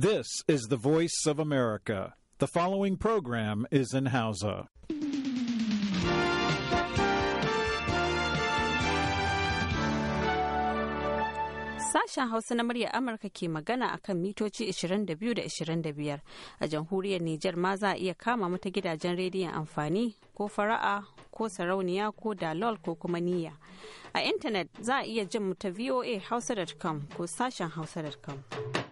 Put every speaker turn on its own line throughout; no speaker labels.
This is the voice of America. The following program is in Hausa.
Sashen Hausa na murya Amurka ke magana akan mitoci 22 da 25 a jamhuriyar Nijar ma za a iya kama mata gidajen rediyon amfani ko fara'a ko sarauniya ko dalol ko kuma niyya. A intanet za a iya jin mu ta voa hausa.com ko sashen hausa.com.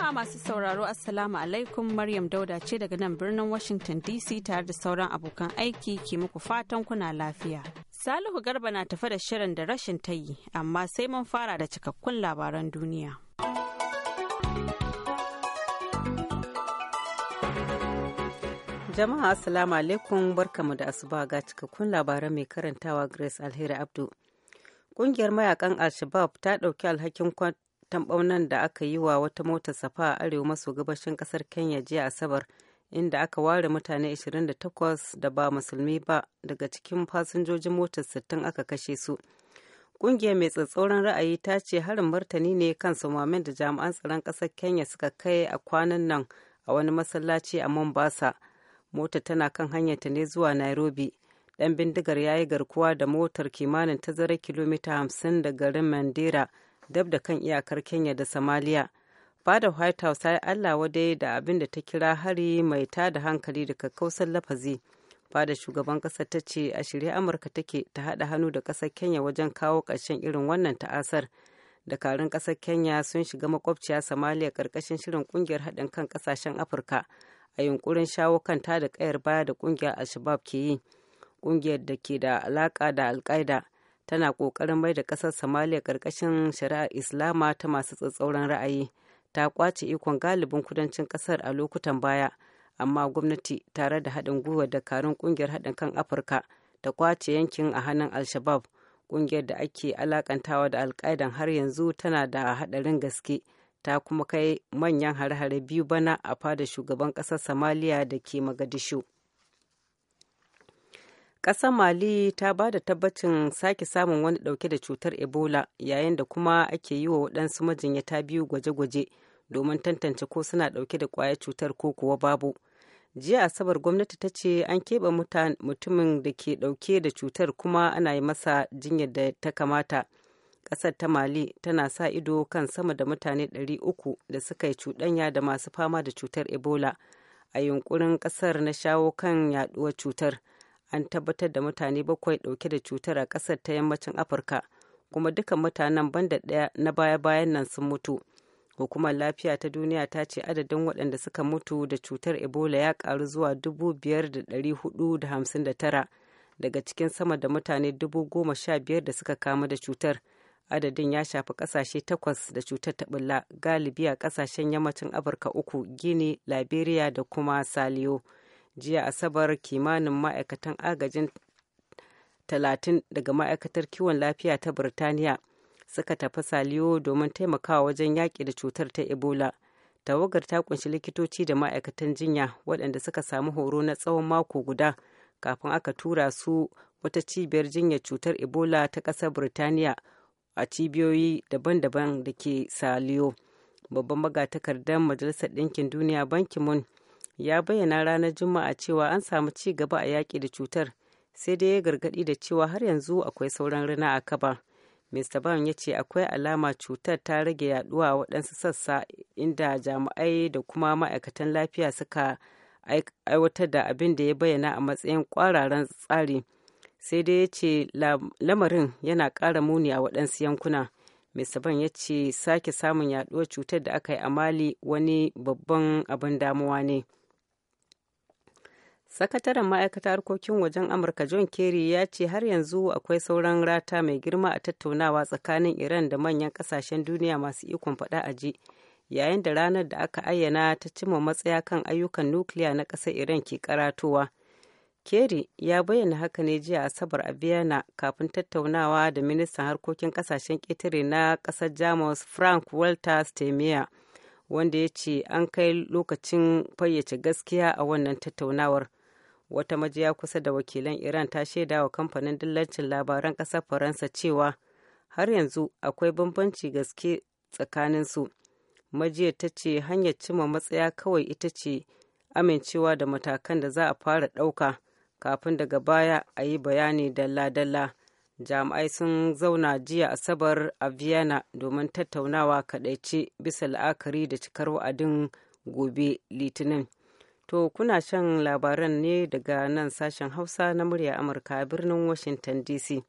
Jama'a masu sauraro Assalamu alaikum Maryam Dauda ce daga nan birnin Washington DC tare da sauran abokan aiki ke muku fatan kuna lafiya. Salihu Garba na tafa da shirin da rashin tayi amma sai mun fara da cikakkun labaran duniya.
Jama'a Assalamu alaikum barkamu da asuba ga cikakkun labaran mai karantawa Grace Alheri Abdu. ƙungiyar mayakan al shabab ta ɗauki alhakin tambaunan da aka yi wa wata motar safa a arewa maso gabashin kasar kenya jiya asabar inda aka ware mutane 28 da ba musulmi ba daga cikin fasinjojin motar 60 aka kashe su ƙungiyar mai tsatsauran ra'ayi ta ce harin martani ne kan sumamen da jami'an tsaron ƙasar kenya suka kai a kwanan nan a wani masallaci a mombasa motar tana kan hanyarta ne zuwa nairobi dan bindigar ya yi garkuwa da motar kimanin tazara kilomita 50 da garin mandera dab da kan iyakar kenya da samaliya fada white house ya allah wadai da abin da ta kira hari mai ta da hankali da kakkausan lafazi fada shugaban ƙasar ta ce a shirye amurka take ta haɗa hannu da ƙasar kenya wajen kawo ƙarshen irin wannan ta'asar dakarun ƙasar kenya sun shiga makwabciya somalia ƙarƙashin shirin ƙungiyar haɗin kan ƙasashen afirka a yunkurin shawo kan da ƙayar baya da ƙungiyar al-shabab ke yi ƙungiyar da ke da alaƙa da al tana kokarin mai da kasar somalia ƙarƙashin shari'ar islama ta masu tsatsauran ra'ayi ta kwace ikon galibin kudancin kasar a lokutan baya amma gwamnati tare da haɗin gwiwa karin ƙungiyar haɗin kan afirka ta kwace yankin a hannun al-shabab ƙungiyar da ake alakantawa da alƙaidan har yanzu tana da haɗarin gaske ta kuma kai manyan hare-hare biyu bana a fada shugaban ƙasar somalia da ke magadishu ƙasar mali ta ba da tabbacin sake samun wani ɗauke da cutar ebola yayin da kuma ake yi wa waɗansu majinyata biyu gwaje-gwaje domin tantance ko suna ɗauke da ƙwayar cutar ko kuwa babu jiya asabar gwamnati ta ce an keɓe mutumin da ke ɗauke da cutar kuma ana yi masa jinyar da ta kamata ƙasar ta mali tana sa ido kan sama da mutane ɗari uku da suka yi cuɗanya da masu fama da cutar ebola a yunkurin ƙasar na shawo kan yaɗuwar cutar. an tabbatar da mutane bakwai ɗauke da cutar a ƙasar ta yammacin afirka kuma dukan mutanen banda ɗaya na baya-bayan nan sun mutu hukumar lafiya ta duniya ta ce adadin waɗanda suka mutu da cutar ebola ya ƙaru zuwa 5,459 daga cikin sama da mutane 15,000 da suka kamu da cutar adadin ya shafi ƙasashe takwas da cutar ta ɓulla galibi a ƙasashen yammacin afirka uku gini liberia da kuma saliyo jiya asabar kimanin ma'aikatan agajin talatin daga ma'aikatar kiwon lafiya ta birtaniya suka tafi saliyo domin taimakawa wajen yaƙi da cutar ta ebola tawagar ta kunshi likitoci da ma'aikatan jinya waɗanda suka samu horo na tsawon mako guda kafin aka tura su wata cibiyar jinyar cutar ebola ta ƙasar birtaniya a cibiyoyi daban-daban da ke saliyo babban magatakardar majalisar ɗinkin duniya banki mun ya bayyana ranar Juma'a cewa an samu ci gaba a yaƙi da cutar, sai dai ya gargaɗi da cewa har yanzu akwai sauran rana a kaba. Mr. Ban ya ce akwai alama cutar ta rage yaduwa a waɗansu sassa inda jami'ai da kuma ma'aikatan lafiya suka aiwatar da abin da ya bayyana a matsayin kwararan tsari. Sai dai ya ce lamarin yana ƙara muni a waɗansu yankuna. Mr. Ban ya ce sake samun yaduwar cutar da aka yi a Mali wani babban abin damuwa ne. sakataren ma'aikatar harkokin wajen amurka john kerry ya ce har yanzu akwai sauran rata mai girma a tattaunawa tsakanin iran da manyan kasashen duniya masu ikon faɗa a ji yayin da ranar da aka ayyana ta cimma matsaya kan ayyukan nukiliya na ƙasar iran ke karatowa kerry ya bayyana haka ne jiya asabar a vienna kafin tattaunawa da ministan harkokin kasashen ƙetare na ƙasar jamus frank walter stemmeier wanda ya ce an kai lokacin fayyace gaskiya a wannan tattaunawar. wata majiya kusa da wakilan iran ta shaida wa kamfanin dillancin labaran ƙasar faransa cewa har yanzu akwai bambanci gaske tsakaninsu majiyar ta ce hanyar cimma matsaya kawai ita ce amincewa da matakan da za a fara ɗauka kafin daga baya a yi bayani dalla-dalla jami'ai sun zauna jiya asabar a vienna domin tattaunawa kadaice bisa la'akari da cikar wa'adin gobe litinin To kuna shan labaran ne daga nan sashen Hausa na murya Amurka a birnin Washington DC.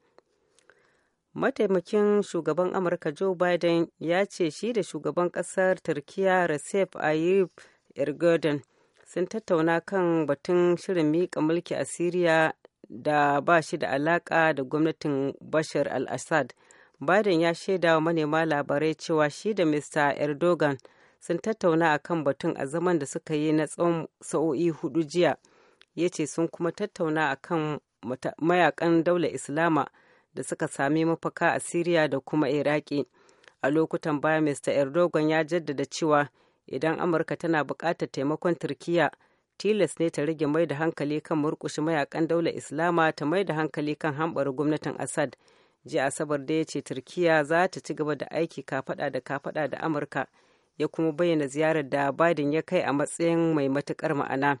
Mataimakin shugaban Amurka Joe Biden ya ce shi da shugaban ƙasar Turkiya Recep Tayyip Erdogan sun tattauna kan batun shirin miƙa mulki a Siriya da ba shi da alaƙa da gwamnatin Bashar al-Assad. Biden ya shaida wa manema labarai cewa shi da Mr. Erdogan sun tattauna a kan batun a zaman da suka yi na tsawon sa'o'i hudu jiya ya ce sun kuma tattauna a kan mayakan daular islama da suka sami mafaka a siriya da kuma iraki a lokutan baya mr erdogan ya jaddada cewa idan amurka tana buƙatar taimakon turkiya tilas ne ta rage mai da hankali kan murƙushe mayakan daular islama ta mai da hankali kan hambar gwamnatin assad ji asabar da ya ce turkiya za ta ci gaba da aiki kafada da kafada da amurka ya kuma bayyana ziyarar da Biden ya kai a matsayin mai matukar ma'ana.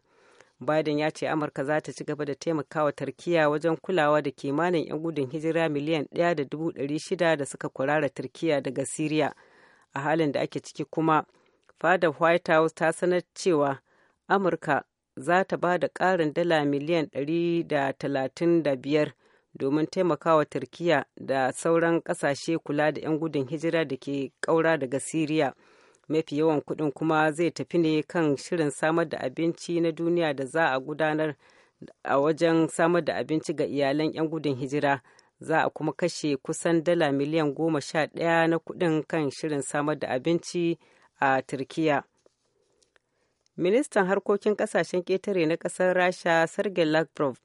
Biden ya ce Amurka za ta ci gaba da taimakawa Turkiyya wajen kulawa da kimanin 'yan gudun hijira miliyan 1.600 da suka kurara Turkiya daga Siriya. A halin da ake ciki kuma, fadar White House ta sanar cewa Amurka za ta ba da ƙarin dala miliyan 135 domin taimakawa Turkiyya da sauran ƙasashe kula da 'yan gudun hijira da ke ƙaura daga Siriya. mafi yawan kuɗin kuma zai tafi ne kan shirin samar da abinci na duniya da za a gudanar a wajen samar da abinci ga iyalan 'yan gudun hijira za a kuma kashe kusan dala miliyan goma sha ɗaya na kuɗin kan shirin samar da abinci a turkiya ministan harkokin kasashen ƙetare na ƙasar rasha sergei lavrov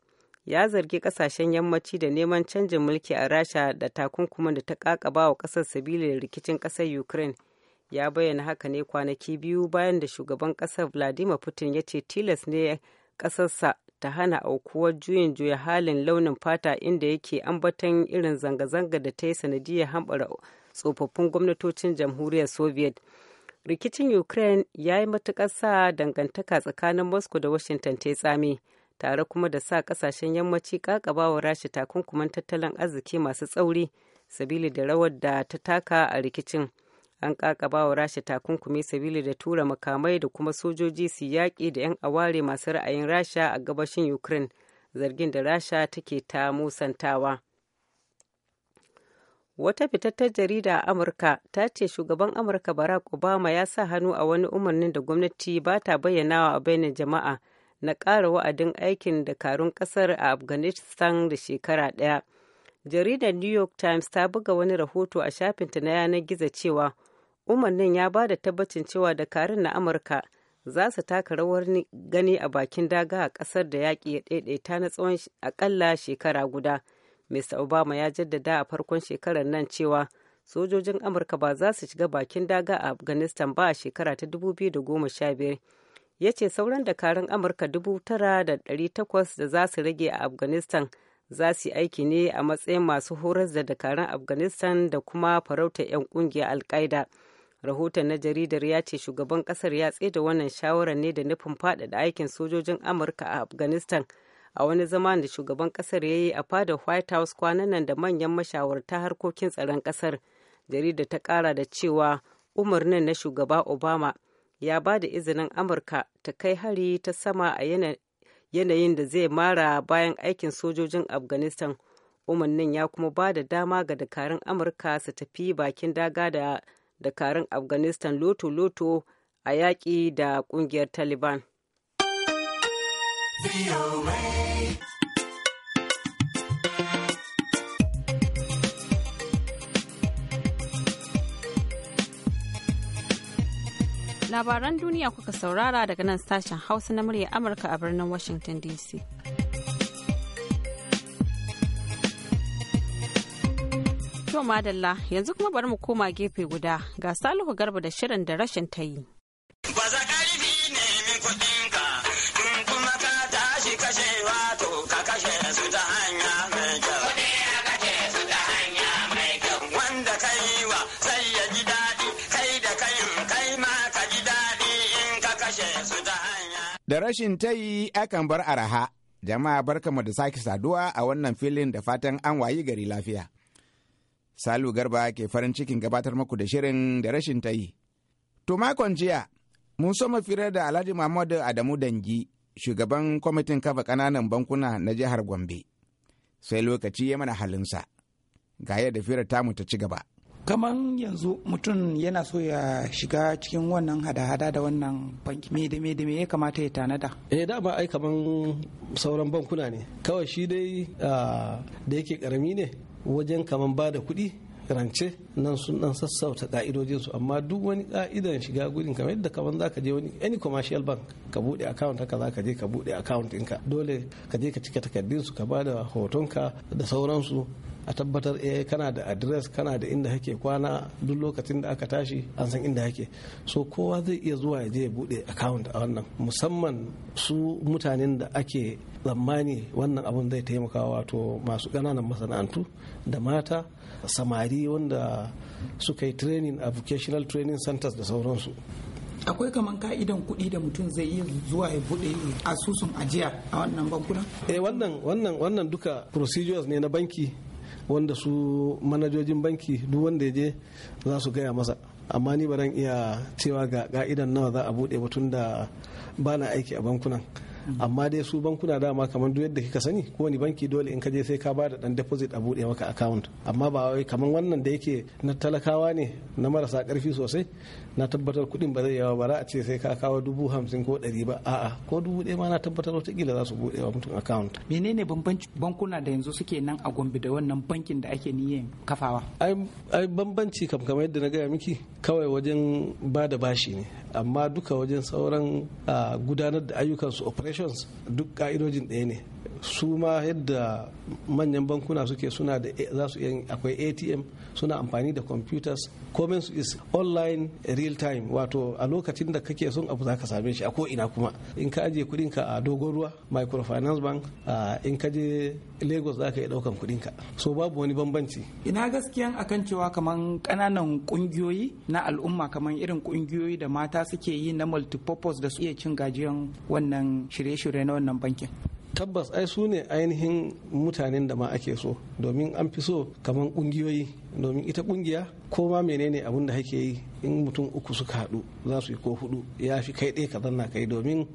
ya zargi ƙasashen yammaci da neman canjin mulki a rasha da takunkuman da ta kakaba wa ƙasar sabilin rikicin ƙasar ukraine ya bayyana haka ne kwanaki biyu bayan da shugaban ƙasar vladimir putin ya ce tilas ne ƙasarsa ta hana aukuwar juyin juya halin launin fata inda yake ambaton irin zanga-zanga da ta yi sanadiyar hambara tsofaffin gwamnatocin jamhuriyar soviet rikicin ukraine ya yi matukar sa dangantaka tsakanin moscow da washington ta tsami tare kuma da sa kasashen yammaci ƙaƙabawa rashi takunkuman tattalin arziki masu tsauri sabili da rawar da ta taka a rikicin an kakaba wa rasha takunkumi sabili da tura makamai da kuma sojoji su yaƙi da 'yan aware masu ra'ayin rasha a gabashin ukraine zargin da rasha take ta musantawa wata fitattar jarida a amurka ta ce shugaban amurka barack obama ya sa hannu a wani umarnin da gwamnati ba ta bayyanawa a bainar jama'a na ƙara wa'adin aikin da karun ƙasar a afghanistan da shekara ɗaya jaridar new york times ta buga wani rahoto a shafinta na yanar gizo cewa umarnin ya ba da tabbacin cewa dakarun na amurka za su taka rawar gani a bakin daga a kasar da yaƙi ya ɗaiɗaita na tsawon akalla shekara guda mr obama ya jaddada a farkon shekarar nan cewa sojojin amurka ba za su shiga bakin daga a afghanistan ba a shekara ta 2015 ya ce sauran dakarun amurka 9,800 da za su rage a afghanistan za su yi aiki ne a matsayin masu horar da dakarun afghanistan da kuma farauta 'yan ƙungiyar al-qaida rahoton na jaridar ya ce shugaban kasar ya tsaida wannan shawarar ne da nufin faɗaɗa aikin sojojin amurka a afghanistan a wani zama da shugaban kasar ya yi a fada white house kwanan nan da manyan mashawarta harkokin tsaron kasar jarida ta kara da cewa umarnin na shugaba obama ya ba da izinin amurka ta kai hari ta sama a yanayin da zai mara bayan aikin sojojin afghanistan umarnin ya kuma ba da dama ga dakarun amurka su tafi bakin daga da dakarun afghanistan loto-loto a yaƙi da ƙungiyar taliban
labaran duniya kuka saurara daga nan sashen hausa na murya amurka a birnin washington dc To madalla yanzu kuma bari mu koma gefe guda ga Salihu Garba da shirin da rashin ta yi.
Ba za ƙarfi ne min kuɗin ka, kuma ka tashi kashe wato ka kashe su ta hanya mai kyau. Kuɗi ya kashe su ta hanya mai kyau. Wanda ka yi wa sai ya ji daɗi, kai da kayin kai ma ka ji daɗi in ka kashe su ta hanya.
Da rashin ta yi akan bar araha. Jama'a barkamu da sake saduwa a wannan filin da fatan an wayi gari lafiya. Salu Garba ke farin cikin gabatar muku da shirin da rashin ta yi. To makon jiya, mun so mafira da Alhaji Muhammadu Adamu Dangi, shugaban kwamitin kafa ƙananan bankuna na jihar Gombe. Sai lokaci ya mana halinsa. Ga yadda firar mu ta ci gaba.
Kaman yanzu mutum yana so ya shiga cikin wannan
hada-hada da wannan banki me da me ya
kamata ya tanada.
Eh da ba ai kaman sauran bankuna ne. Kawai shi dai ah, da yake karami ne wajen kamar ba da kuɗi rance nan sun dan sassauta ka'idojin amma duk wani ƙa'idan shiga gudun kamar yadda kaman za ka je wani any commercial bank ka buɗe account haka za ka je ka buɗe account ɗinka dole ka je ka cika takardun su ka ba da hotonka da sauransu a tabbatar eh kana da address kana da inda kake kwana duk lokacin da aka tashi an san inda kake so kowa zai iya zuwa ya je ya bude account a wannan musamman su mutanen da ake tsammani wannan abun zai taimaka wato masu ƙananan masana'antu da mata samari wanda suka yi training a vocational training centers da sauransu
akwai kaman ka'idan kuɗi da mutum zai yi zuwa ya buɗe asusun ajiya a wannan bankuna?
eh wannan wannan wannan duka procedures ne na banki wanda su manajojin banki duk wanda ya je za su gaya masa amma ni ba iya cewa ga ka'idan nawa za a buɗe ba tun da ba na aiki a bankunan amma dai su bankuna dama kamar duk yadda kika sani kowane banki dole in ka je sai ka ba da dan deposit a bude maka account amma ba wai kamar wannan da yake na talakawa ne na marasa karfi sosai na tabbatar kuɗin ba zai yawa ba za a ce sai ka kawo dubu hamsin ko ɗari ba a'a ko dubu ɗaya ma na tabbatar kila za su buɗe wa mutum account. menene bambanci bankuna da yanzu suke
nan a gombe da wannan
bankin da ake niyyar kafawa. ai bambanci kam kamar yadda na gaya miki kawai wajen ba da bashi ne amma duka wajen sauran ah, gudanar da ayyukansu operations duk ka'idojin ɗaya ne su ma yadda manyan bankuna suke suna da za su iya akwai atm suna amfani da computers komen su is online real time wato a lokacin da kake son abu za ka same shi a ko ina kuma in ka ajiye kudin ka a dogon ruwa microfinance bank in ka je lagos za ka yi daukan kudin ka so babu wani bambanci ina gaskiyan
akan cewa kaman kananan kungiyoyi na al'umma kaman irin kungiyoyi da mata suke yi na multipurpose da su iya cin gajiyan wannan shirye-shirye na wannan bankin
tabbas ai su ne ainihin mutanen da ma ake so domin an fi so kamar ƙungiyoyi. domin ita kungiya ko ma menene abin da hake yi in mutum uku suka haɗu za su yi ko hudu ya fi kai ɗaya ka zanna kai domin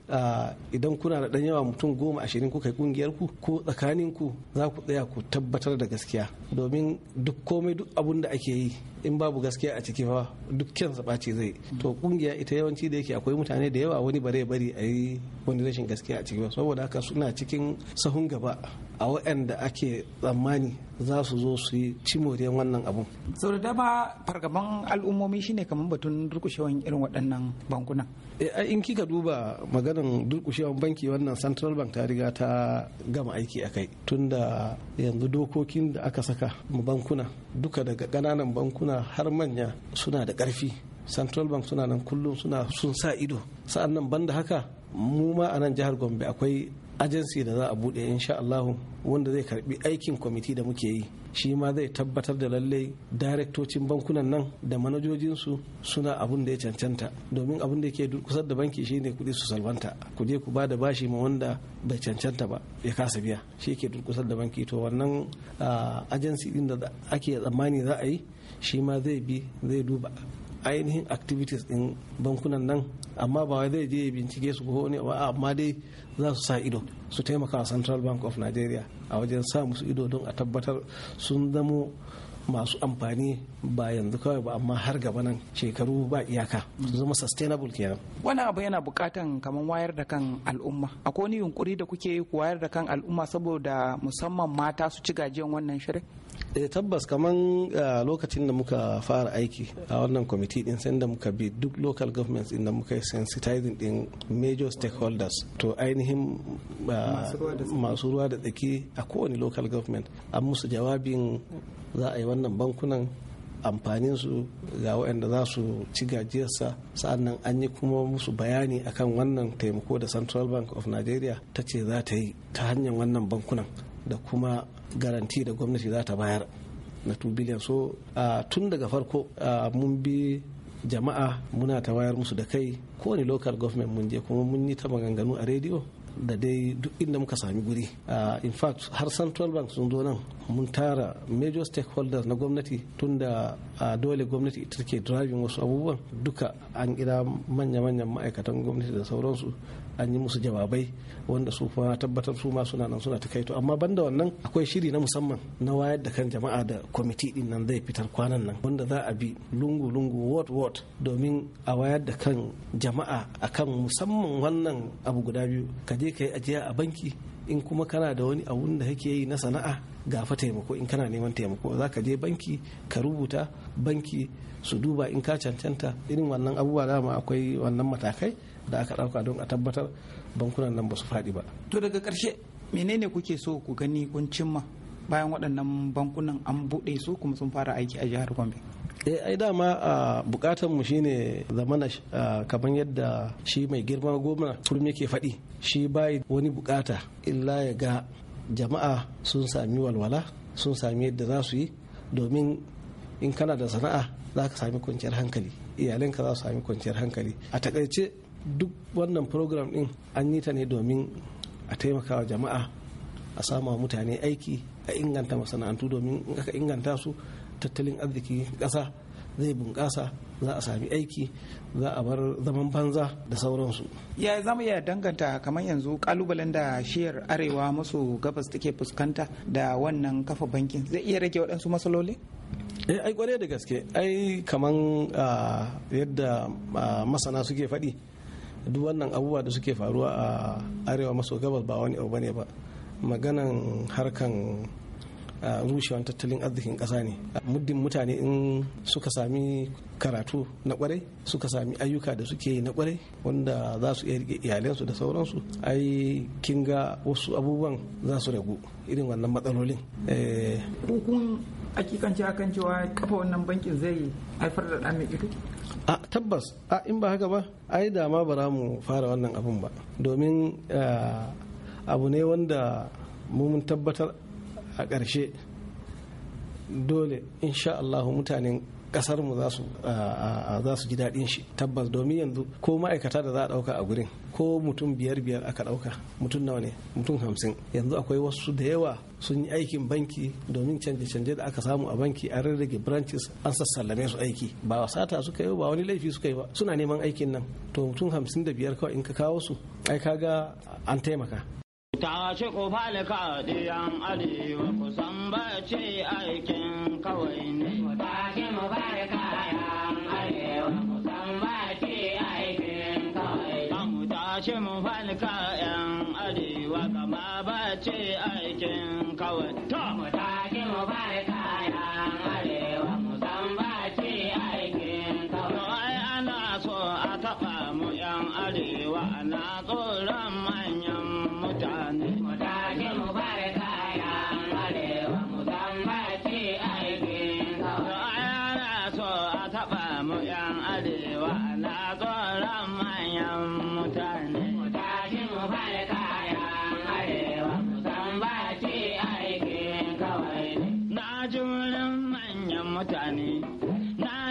idan kuna da ɗan yawa mutum goma ashirin kuka kai kungiyar ku ko tsakanin ku za ku tsaya ku tabbatar da gaskiya domin duk komai duk abin da ake yi in babu gaskiya a ciki fa duk kyansa ɓaci zai to kungiya ita yawanci da yake akwai mutane da yawa wani bare bari a yi wani rashin gaskiya a ciki ba saboda haka suna cikin sahun gaba a waɗanda ake tsammani za su zo su yi cimoriyar wannan abu abu sau da dama fargaban al'ummomi shine kamar batun durkushewan irin waɗannan bankunan eh, in kika duba maganin durkushewan banki wannan central bank ta riga ta gama aiki a kai tunda yanzu dokokin da aka saka mu bankuna duka daga ƙananan bankuna har manya suna da ƙarfi central bank suna nan kullum suna sun sa ido sa'an nan banda haka mu ma a nan jihar gombe akwai ajansi da za a buɗe insha Allah wanda zai karbi aikin kwamiti da muke yi shi ma zai tabbatar da lallai daraktocin bankunan nan da manajojinsu suna abun da ya cancanta domin abun da ke kusa da banki shine kudi su salwanta ku je ku ba da bashi ma wanda bai cancanta ba ya kasa biya shi yake kusar da banki to wannan ajansi ah, din da ake tsammani za a yi shi ma zai bi zai duba ainihin activities din bankunan nan amma ba wai zai je ya bincike su ko ne ba amma dai za su sa ido su taimaka central bank of nigeria a wajen sa musu ido don a tabbatar sun zamo masu amfani ba yanzu kawai ba amma har gaba nan shekaru ba iyaka su zama sustainable kenan
wani abu yana bukatan kaman wayar da kan al'umma akwai wani yunkuri da kuke ku wayar da kan al'umma saboda musamman mata su ci gajiyan wannan shirin
eh tabbas kaman eh, lokacin da muka fara aiki a wannan kwamiti din sai da muka bi duk local governments inda muka yi sensitizing din major stakeholders to ainihin eh, masu ruwa da tsaki a kowane local government an musu jawabin za a yi wannan bankunan amfanin su ga waɗanda za su ci gajiyarsa sa'annan an yi kuma musu bayani akan wannan taimako da central bank of nigeria ta ce za ta yi ta hanyar wannan bankunan da kuma garanti da gwamnati za ta bayar na 2 biliyan so tun daga farko mun bi jama'a muna ta wayar musu da kai kowane local government mun je kuma mun yi ta maganganu a rediyo da dai duk inda muka sami guri ah, in fact har central bank sun zo nan mun tara major stakeholders na gwamnati tunda da ah, dole gwamnati ita ke driving wasu abubuwan duka an kira manya-manyan ma'aikatan gwamnati da sauransu an yi musu jawabai wanda su kuma tabbatar su ma suna nan suna ta kaito amma banda wannan akwai shiri na musamman na wayar da kan jama'a da kwamiti din nan zai fitar kwanan nan wanda za a bi lungu-lungu ward-ward domin a wayar da kan jama'a akan musamman wannan abu guda biyu ka je ka yi ajiya a banki in kuma kana da wani abun da kake yi na sana'a gafa taimako in kana neman taimako za ka je banki ka rubuta banki su duba in ka cancanta irin wannan abubuwa dama akwai wannan matakai da aka ɗauka don a tabbatar bankunan nan ba su faɗi ba
to daga ƙarshe menene kuke so ku gani kun cimma bayan waɗannan bankunan an buɗe su kuma sun fara
aiki a jihar gombe eh ai dama a bukatar mu shine zamana kamar yadda shi mai girma goma turmi yake faɗi shi bai wani bukata illa ya ga jama'a sun sami walwala sun sami yadda za su yi domin in kana da sana'a za ka sami kwanciyar hankali iyalinka za su sami kwanciyar hankali a takaice duk wannan program din an yi ta ne domin a taimakawa jama'a a samu mutane aiki a inganta masana'antu domin aka inganta su tattalin arziki ƙasa zai bunƙasa za a sami aiki za a bar zaman banza da sauransu
ya za mu iya danganta kamar yanzu kalubalen da shiyar arewa maso gabas take fuskanta da wannan kafa bankin zai iya rage waɗansu matsaloli
eh ai kware da gaske ai kaman ah, yadda ah, masana suke faɗi duk wannan abubuwa da suke faruwa a arewa maso gabas ba wani abu ne ba maganan harkan rushewan tattalin arzikin ƙasa ne muddin mutane in suka sami karatu na kwarai suka sami ayyuka da suke yi na kwarai wanda za su iya rike iyalansu da sauransu ai kin ga wasu abubuwan za su ragu irin wannan matsalolin eh.
hakikanci akan cewa kafa wannan bankin zai haifar da ɗan ido?
a tabbas a in ba haka ba ai da ma ba mu fara wannan abun ba domin eh, abu ne wanda mun tabbatar a ƙarshe dole insha Allah mutanen ƙasarmu mu za su ji daɗin shi tabbas domin yanzu ko ma'aikata da za a ɗauka a gurin ko mutum biyar biyar aka ɗauka mutum nawa ne mutum hamsin yanzu akwai wasu da yawa sun yi aikin banki domin canje-canje da aka samu a banki an rarrage branches an sassallame su aiki ba sata suka yi ba wani laifi suka yi ba suna neman aikin nan to mutum hamsin da biyar kawai in ka kawo su ai kaga an taimaka
ta ci kofalika diyan arewa kusan ba ce aikin kawai ne. Ta ci mubarika yan arewa kusan ba ce aikin kawai. Ta mu ta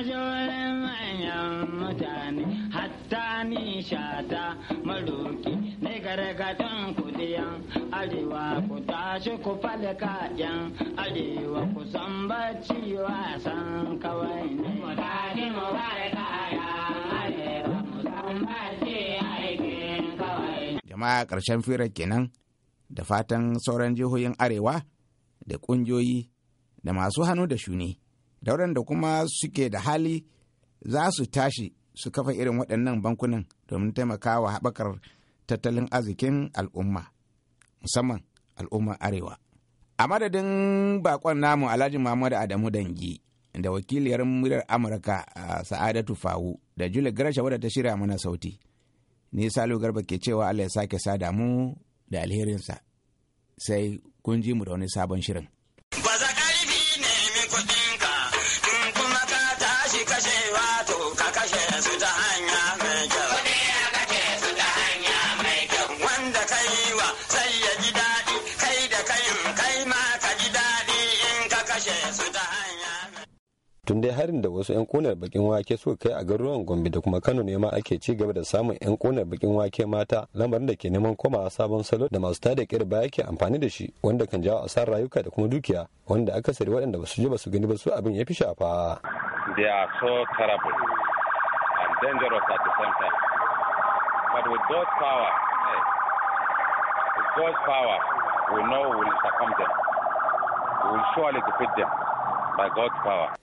mashorin manyan mutane hatta nishata maruki ne gargadin kudiyan arewa ku tashi ku falka yan arewa ku san bacci wasan kawai ne mu mu barka yan arewa mu san bacci aikin kawai
jama'a karshen firar kenan da fatan sauran jihohin arewa da kungiyoyi da masu hannu da shuni da waɗanda kuma suke da hali za su tashi su kafa irin waɗannan bankunan domin taimakawa haɓakar tattalin arzikin al'umma musamman al'ummar arewa a madadin bakon namu alhaji muhammadu adamu dangi da wakiliyar muryar amurka a sa'adatu fawu da jule garasha wadda ta shirya mana sauti ni salo garba ke cewa allah ya sake sada mu da alherinsa sai kun ji mu da wani sabon shirin
dai harin da wasu 'yan kunar bakin wake suka kai a garuruwan gombe da kuma kano ne ma ake ci gaba da samun 'yan kunar bakin wake mata lamarin da ke neman koma sabon salo da masu tada kir baya ke amfani da shi wanda kan jawo asar rayuka da kuma dukiya wanda aka akasari waɗanda ba su je ba su gani ba su abin ya fi shafa.
They are so terrible and dangerous at the same time.
But with power, with power,
we know we will succumb them.
We will surely defeat them.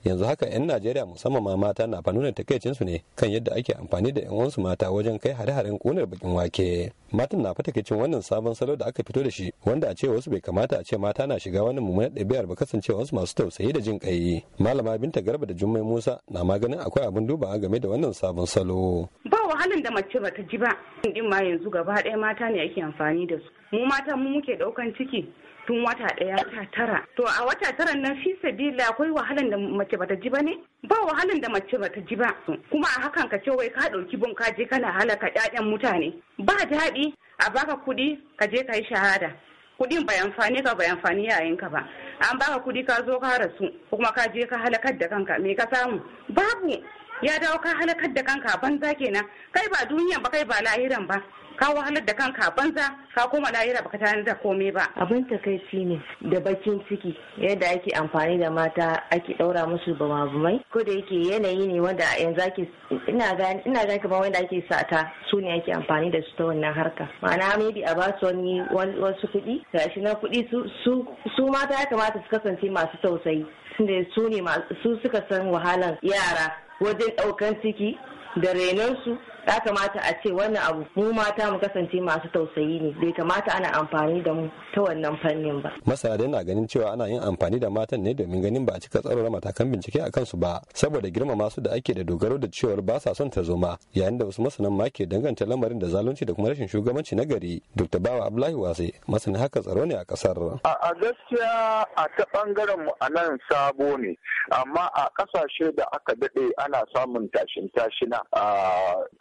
Yanzu haka 'yan Najeriya musamman ma mata na fa nuna takaicinsu ne kan yadda ake amfani da 'yan uwansu mata wajen kai hare-haren ƙunar bakin wake. Matan na fa takaicin wannan sabon salo da aka fito da shi wanda a ce wasu bai kamata a ce mata na shiga wani mummunar ɗabi'ar ba wasu masu tausayi da jin ƙai. Malama Binta Garba da Jummai Musa na maganin akwai abin duba a game da wannan sabon salo.
Ba wahalan da mace ba ta ji ba. Din ma yanzu gaba ɗaya mata ne ake amfani da su. Mu mata mu muke ɗaukan ciki tun wata ɗaya ta tara to a wata tara nan fi sabila akwai wahalan da mace bata ji ba ne ba wahalan da mace bata ji ba kuma a hakan ka ce wai ka ɗauki bom ka je kana halaka ƴaƴan mutane ba daɗi a baka kuɗi ka je ka yi shahada kuɗin bai amfani ka bai amfani ka ba an baka kuɗi ka zo ka rasu kuma ka je ka halakar da kanka me ka samu babu ya dawo ka halakar da kanka banza kenan kai ba duniyan ba kai ba lahiran ba ka wahalar da kanka banza ka koma lahira baka tare da komai ba
abin takaici ne da bakin ciki yadda ake amfani da mata ake daura musu bumabumai ko da yake yanayi ne wanda yanzu ake ina gani ina kamar wanda ake sata su ne ake amfani da su ta wannan harka ma'ana maybe a basu wani wasu kuɗi gashi na kuɗi su su mata ya kamata su kasance masu tausayi tunda su ne su suka san wahalan yara wajen ɗaukan ciki da renon su. ya kamata a ce wannan abu mu mata mu kasance masu tausayi ne bai kamata ana amfani da mu ta wannan fannin ba
masana dai na ganin cewa ana yin amfani da matan ne domin ganin ba a cika tsarora matakan bincike a kansu ba saboda girmama su da ake da dogaro da cewar ba sa son ta zoma yayin da wasu masanan ma ke danganta lamarin da zalunci da kuma rashin shugabanci na gari dr bawa abdullahi wase masana haka tsaro ne a kasar
a gaskiya a ta bangaren mu a nan sabo ne amma a kasashe da aka daɗe ana samun tashin tashina a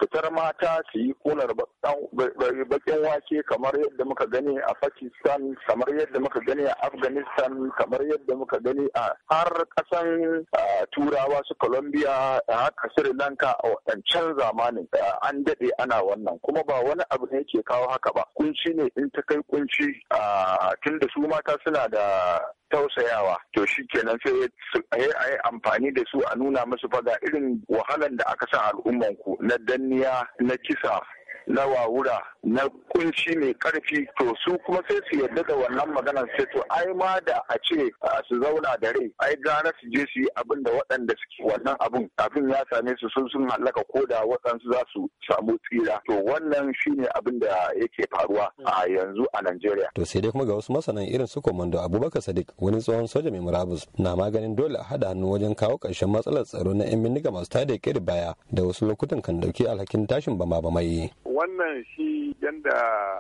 fitar mata su yi kunar bakin wake kamar yadda muka gani a pakistan kamar yadda muka gani a afghanistan kamar yadda muka gani a har kasan turawa su colombia haka sri lanka a wadancan zamanin an daɗe ana wannan kuma ba wani abu ne ke kawo haka ba kunci ne in ta kai kunci tun su mata suna da tausayawa to shi kenan sai a yi amfani da su a nuna musu faga irin wahalan da aka sa al'ummanku na danniya na kisa na wawura na kunci mai karfi to su kuma sai su yarda da wannan maganar sai to ai ma da a ce su zauna da rai ai gara su je su yi abin da waɗanda suke wannan abin kafin ya same su sun sun halaka ko da waɗansu za su samu tsira to wannan shine abin da yake faruwa a yanzu a Najeriya.
To sai dai kuma ga wasu masanan irin su komando Abubakar Sadiq wani tsohon soja mai murabus na maganin dole a haɗa hannu wajen kawo ƙarshen matsalar tsaro na 'yan bindiga masu tada baya da wasu lokutan kan dauki alhakin tashin bama bamai.
wannan shi yadda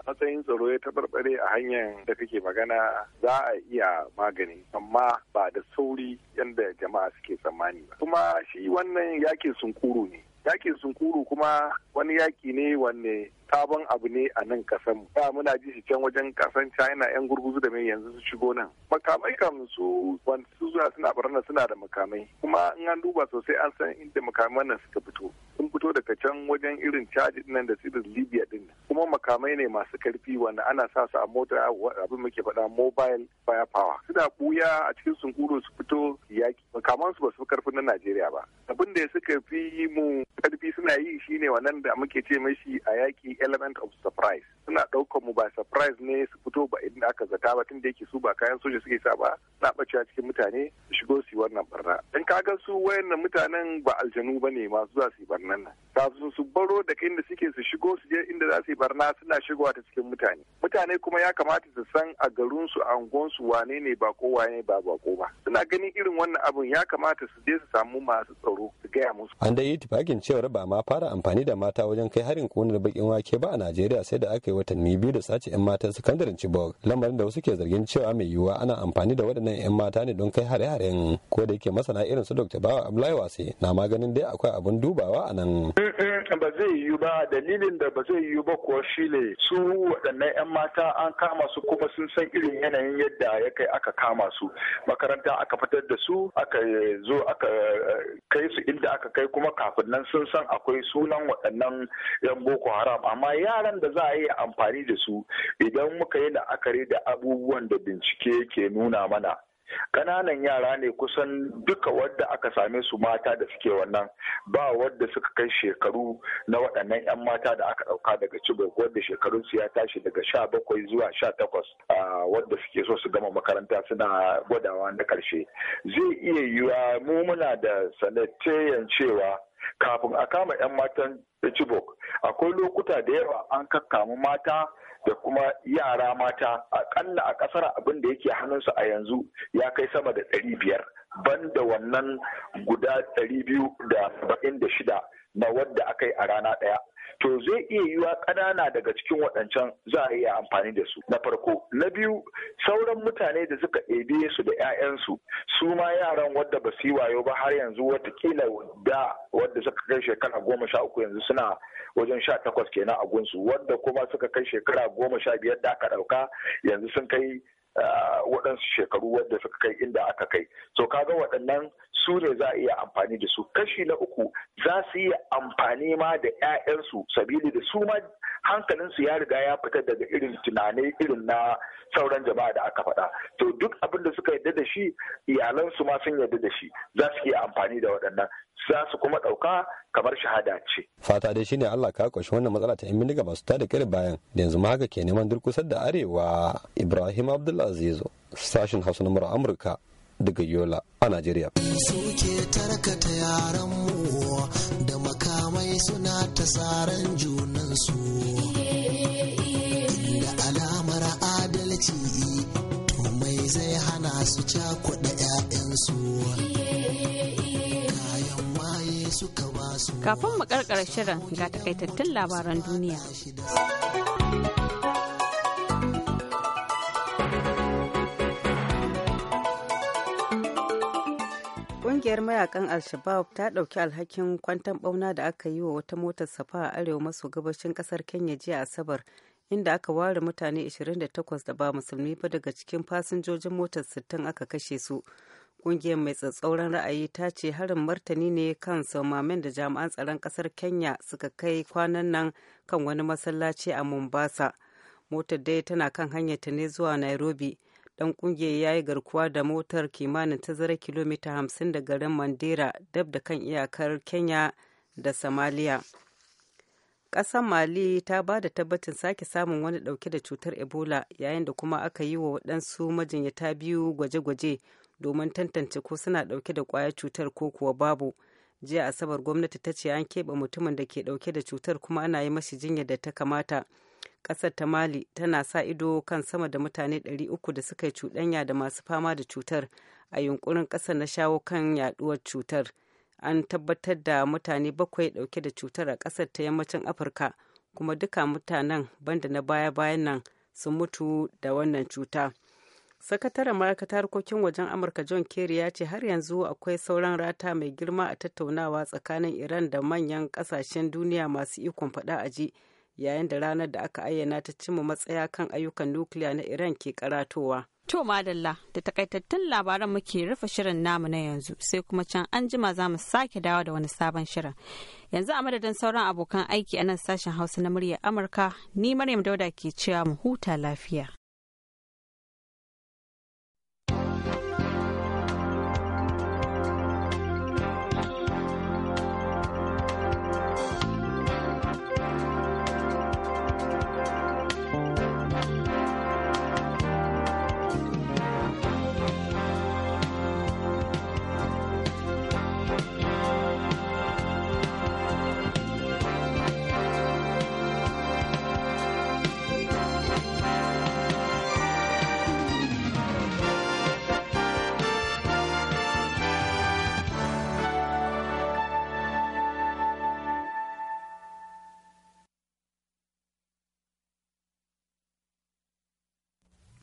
matsayin tsaro ya tabarbare a hanyar da kake magana za a iya magani amma ba da sauri yadda jama'a suke tsammani ba kuma shi wannan yakin sunkuru ne yakin sunkuru kuma wani yaki ne wanne sabon abu ne a nan kasan ba muna ji shi can wajen kasan china yan gurguzu da mai yanzu su shigo nan makamai kam su wanda su zuwa suna barna suna da makamai kuma in an duba sosai an san inda makamai nan suka fito sun fito daga can wajen irin caji nan da su libya din kuma makamai ne masu karfi wanda ana sa su a mota abin muke faɗa mobile firepower suna buya a cikin sunkuru su fito yaki makaman su ba su karfin na najeriya ba abin da suka fi mu karfi suna yi shine wannan da muke ce mashi a yaki element of surprise suna ɗaukar mu ba surprise ne su fito ba inda aka zata ba tun da yake su ba kayan soja suke sa ba na ɓacewa cikin mutane su shigo su yi wannan barna in ka ga su wayannan mutanen ba aljanu ba ne masu za su yi barnan nan kafin su baro da kai da suke su shigo su je inda za su yi barna suna shigowa ta cikin mutane mutane kuma ya kamata su san a garin su a su wane ne ba ko wane ba ba ko ba suna ganin irin wannan abun ya kamata su je su samu masu tsaro su gaya musu
an da yi tufakin cewar ba ma fara amfani da mata wajen kai harin konar bakin wake ba a najeriya sai da aka yi watanni biyu da sace yan matan sakandaren chibok lamarin da wasu ke zargin cewa mai yiwuwa ana amfani da waɗannan yan mata ne don kai hare-haren ko da yake masana irin su dr bawa abdullahi wase na maganin dai akwai abun dubawa a nan
Eh, eh, ba zai yiwu ba dalilin da ba zai yiwu ba kuwa shine su waɗannan 'yan mata an kama su kuma sun san irin yanayin yadda ya kai aka kama su makaranta aka fitar da su aka zo aka eh, kai su inda aka kai kuma kafin nan sun san akwai sunan waɗannan 'yan boko haram amma yaran da za a yi amfani da su idan muka yi la'akari da abubuwan da bincike ke nuna mana Kananan yara ne kusan duka wadda aka same su mata da suke wannan ba wadda suka kai shekaru na waɗannan 'yan mata da aka ɗauka daga cibok wadda shekarun su ya tashi daga sha bakwai zuwa sha takwas wadda suke so su gama makaranta suna gwadawa na ƙarshe zai iya yiwa mu muna da sanatayen cewa kafin a kama 'yan matan Chibok akwai lokuta da yawa an kakkamu mata da kuma yara mata a akalla a kasar abin da yake hannunsu a yanzu ya kai sama da ɗari biyar banda wannan guda ɗari biyu da da shida na wadda aka yi a rana ɗaya to zai iya yiwa ƙanana daga cikin waɗancan za a iya amfani da su na farko na biyu sauran mutane da suka ɗebe su da 'ya'yansu su ma yaran wadda ba su yi wayo ba har yanzu watakila da wadda suka kai shekara goma sha uku yanzu suna wajen sha takwas kenan a gunsu wadda kuma suka kai shekara goma sha biyar da aka ɗauka yanzu sun kai ah, waɗansu shekaru wadda suka kai inda aka kai so kaga waɗannan su ne za a iya amfani da su kashi na uku za su iya amfani ma da 'ya'yansu sabili da su ma hankalinsu ya riga ya fitar daga irin tunani irin na sauran jama'a da aka faɗa to duk abin da suka yarda da shi iyalansu ma sun yarda da shi za su iya amfani da waɗannan za su kuma ɗauka kamar shahada ce.
Fata dai shine Allah ka kwashi wannan matsala ta 'yan bindiga masu tada kiri bayan da yanzu ma haka ke neman durkusar da arewa Ibrahim Abdulaziz sashin Hausa na Amurka daga Yola a Najeriya. Suke
tarkata yaran mu da makamai suna ta tasaran junansu. Da alamar adalci to mai zai hana su cakuɗa 'ya'yansu. Kayan maye suka ba su. Kafin mu
karkara shirin ga takaitattun labaran
duniya. Ƙungiyar mayakan Al-Shabaab ta ɗauki alhakin kwantan ɓauna da aka yi wa wata motar safa a arewa maso gabashin ƙasar Kenya jiya Asabar, inda aka ware mutane 28 da ba musulmi ba daga cikin fasinjojin motar 60 aka kashe su. Ƙungiyar mai tsatsauran ra'ayi ta ce harin martani ne kan samamen da jami'an tsaron ƙasar Kenya suka kai kwanan nan kan wani masallaci a Mombasa. Motar dai tana kan hanyarta ne zuwa Nairobi. dan kungiyar ya yi garkuwa da motar kimanin tazara kilomita hamsin da garin mandera dab da kan iyakar kenya da somalia ƙasar mali ta ba da tabbacin sake samun wani ɗauke da cutar ebola yayin da kuma aka yi wa waɗansu majinyata biyu gwaje-gwaje domin tantance ko suna ɗauke da ƙwayar cutar ko kuwa babu jiya asabar gwamnati ta ce an keɓe mutumin da ke ɗauke da cutar kuma ana yi mashi jinya da ta kamata Ƙasar ta Mali tana sa ido kan sama da mutane 300 da suka yi cuɗanya da masu fama da cutar a yunkurin ƙasar na shawo kan yaɗuwar cutar. An tabbatar da mutane bakwai ɗauke da cutar a ƙasar ta yammacin Afirka kuma duka mutanen banda na baya-bayan nan sun mutu da wannan cuta. sakataren ma'aikatar harkokin wajen amurka john kerry ya ce har yanzu akwai sauran rata mai girma a tattaunawa tsakanin iran da manyan ƙasashen duniya masu ikon faɗa ji. yayin da ranar da aka ayyana ta cimma matsaya kan ayyukan nukiliya na Iran ke karatowa.
To madalla da takaitattun labaran muke rufe shirin namu na yanzu sai kuma can an jima za mu sake dawo da wani sabon shirin. Yanzu a madadin sauran abokan aiki a nan sashen Hausa na murya Amurka, ni Maryam Dauda ke cewa mu huta lafiya.